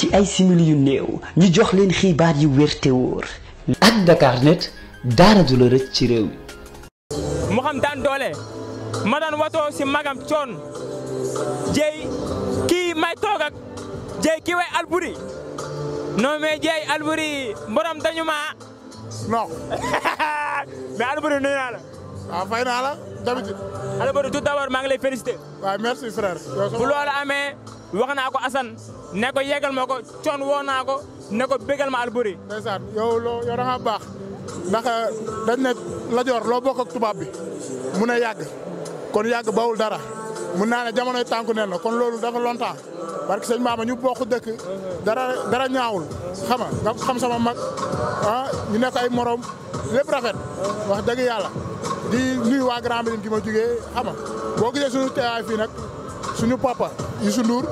ci ay simili yu néew ñu jox leen xibaar yu wér te wóor ak Dakarnet daara du la rëcc ci réew mi. mu xam daan doole ma daan watoo si magam coon jéy kii may toog ak kii way alburi non mais jéy alburi borom dañu maa. non. mais alburi nuyu naa la. waaw ah, maa ngi lay féliciter. bu loolu amee. wax naa ko Assane ne ko yegal ma ko woo naa ko ne ko bégal ma Alboury. ndeysaan yow loo yow da nga baax ndax eh, dañ ne Lat-Joor loo bokk ak tubaab bi mun a yàgg kon yàgg bawul dara mun naa ne jamonoy tànku la kon loolu dafa longtemps parce que sëñ maama ñu bokk dëkk dara ñaawul xama nga xam sama mag ah ñu nekk ay morom lépp rafet wax dëgg di nuyu waa Grand Médine gi ma jugee xama boo gisee suñu teewaay fii suñu papa Youssou Ndour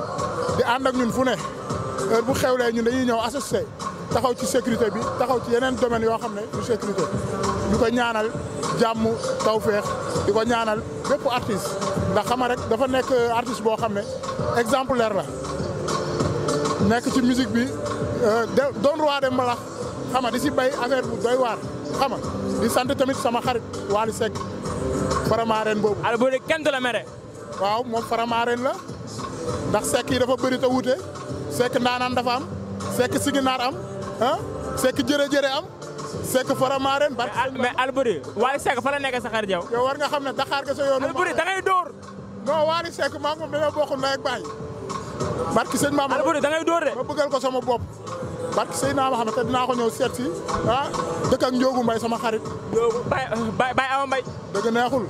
di ànd ak ñun fu ne heure bu xewlee ñun dañuy ñëw assisté taxaw ci sécurité bi taxaw ci yeneen domaine yoo xam ne du sécurité ñu ko ñaanal jàmm tawféex di ko ñaanal bépp artiste ndax xama rek dafa nekk artiste boo xam ne exemplaire la nekk ci musique bi euh, doon roi de mbalax xama di si bay affaire bu doy waar xama di sant tamit sama xarit Waly Seck vraiment ren boobu. alors boo kenn la mere. waaw moom faramaareen la ndax sekk yi dafa bëri te wuute sekk ndaanaan dafa am sekk siginaar am ah sekk jërëjërë am sekk faramaareen. mais mais Alboury Waly Seck fa la nekk sa xar jaw yow war nga xam ne Dakar nga sa yoonu. Alboury da ngay dóor. non Waly Seck maa ngi moom dañoo bokk ndey ak baay barki Maam Alboury da ngay door de ma bëggal ko sama bopp. barke Seydina Mohamed te dinaa ko ñëw seet si ah dëkk ak Ndiogou Mbaye sama xarit. Ndiogou Baye Baye Awa Mbaye. dëgg neexul.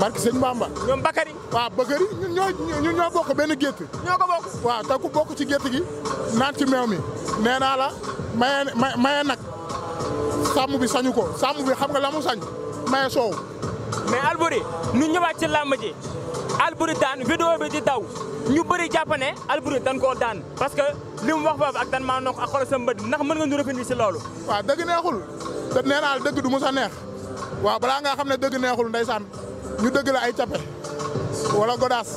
barke Sëñ Bamba. ñoom Bakary. waaw Bakary ñun ñoo bokk benn gétt. ñoo ko bokk. waaw te ku ci gétt gi naan ci meew mi nee naa la maye maye nag sàmm bi sañu ko sàmm bi xam ga la mu sañ maye soow. al Alboury nu ñëwaat ci làmb ji Alboury daan vidéo bi di daw ñu bëri jàpp ne Alboury dañ koo daan parce li mu wax boobu ak dan maa nokk ak xoolal sa mbët ndax mën nga ñu revenir si loolu waaw dëgg neexul te nee du mos a neex waaw balaa nga xam ne dëgg neexul ndeysaan ñu dëgg la ay cape wala godaas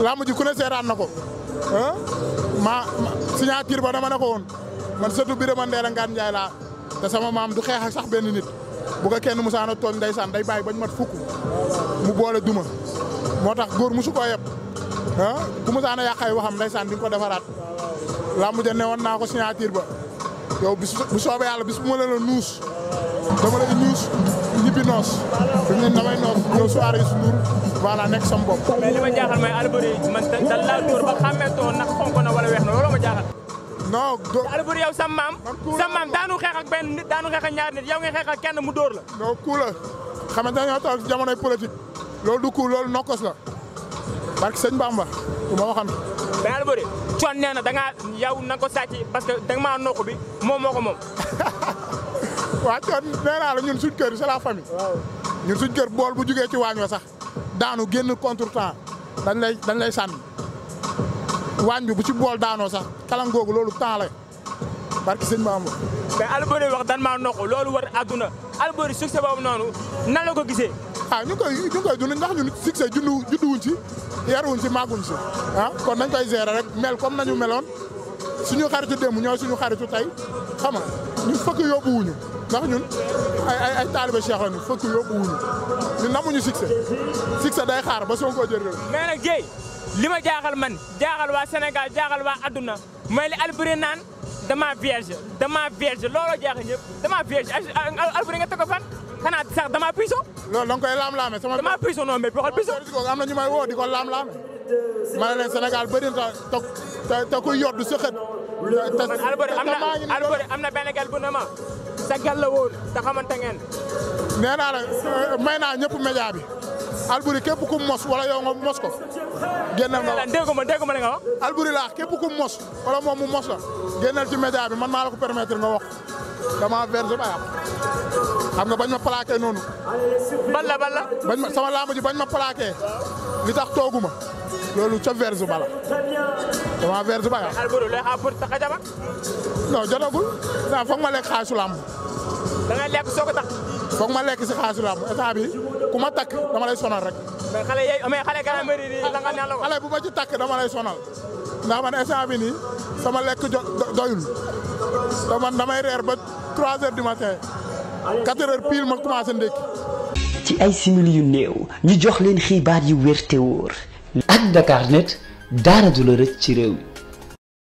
làmb ji ku ne seetaan na ko ah maa tiir ba dama ne ko woon man surtout bi ma ndeel a ngaan njaay laa te maam du xeex ak sax benn nit bu ko kenn musaana tooñ ndeysaan day bàyyi bañ mat fukk mu boole duma moo tax góor musu koo yeb ah bu musaana yàq ay waxam ndeysaan di nga ko defaraat làmb ja ne woon naa ko signature ba yow bis bu soobee yàlla bis bu ma leen a nuus dama lay noos fi ne damay noos yow soirée yi sunduur voilà nekk sama bopp. mais ma jaaxal mooy Alboury man dal dóor ba xàmmeetoo ndax xonk na wala weex na looloo ma jaaxal. non doo Alboury yow sa maam. daanu xeex benn daanu xeex ak ñaar nit yow nga xeex ak mu dóor la. non ku la xam nga dañoo toog jamonoy loolu du ku loolu nokkos la barke sëñ mais Alboury coon nee na da ngaa yow na ko sàcc parce que da nga bi moom moo ko moom. waaw coon nee naa la ñun suñ kër c'est ñun suñ kër bool bu jugee ci waañ sax daanu génn contre temps dañ lay dañ lay sànni waañ bi bu ci bool daanoo sax kalangoogu loolu temps la barki sëñ Maama. mais Alboury wax dan maa noq loolu war àdduna Alboury succès boobu noonu nan la ko gisee. waaw ñu ngi koy ñu ngi koy dund ndax ñun succès juddu judduwuñ ci yaruwuñ ci màgguñ ci ah kon nañ koy gérer rek mel comme nañu meloon suñu xaritu démb ñooy suñu xaritu tey xam nga ñun fëkk yóbbuwuñu ndax ñun ay ay ay taalibe Cheikh lañu fëkk yóbbuwuñu ñun namuñu succès day xaar ba Sonko jël réew. mais nag li ma jaaxal man jaaxal waa Sénégal jaaxal waa adduna mooy li dama vierge dama vierge looloo jaaxle ñëpp dama vierge Alfoury nga teg ko fan xanaa sax dama puiso. loolu da nga koy laam-laame sama. dama puiso non mais waxal puiso. am na ñu may woo di ko laam-laame. ma ne leen Sénégal bëri na te te te kuy yoddu sa xët. am na benn gal ma. sa la woon te xamante ngeen. nee naa la may naa ñëpp média Alboury képp ku mos wala yow mos ko génnal nga wax déggu ma déggu ma li nga wax laa képp ku mos wala moom mu mos la génnal ci média bi man maa la ko permettre nga wax dama verser ba yàq xam nga bañ ma plaqué noonu ban la ban la bañ sama lamb bañ ma plaqué li tax tooguma loolu ca verse bala dama verse ba yàq Alboury lay xaar pour taxa jama non jotagul naa foog ma lekk xaalisu lamb da ngay lekk soo ko takk. foog ma lekk si xaalisu làmb état bi ku ma takk dama lay sonal rek. mais xale bu ma ci takk dama lay sonal ndax man instant bi nii sama lekk jo doyul te man damay reer ba 3 heures di matin 4 heures pile ma commencé ndékki. ci ay simili yu néew ñu jox leen xibaar yu wér te wóor. ak Dakarnet dara du la rëcc ci réew mi.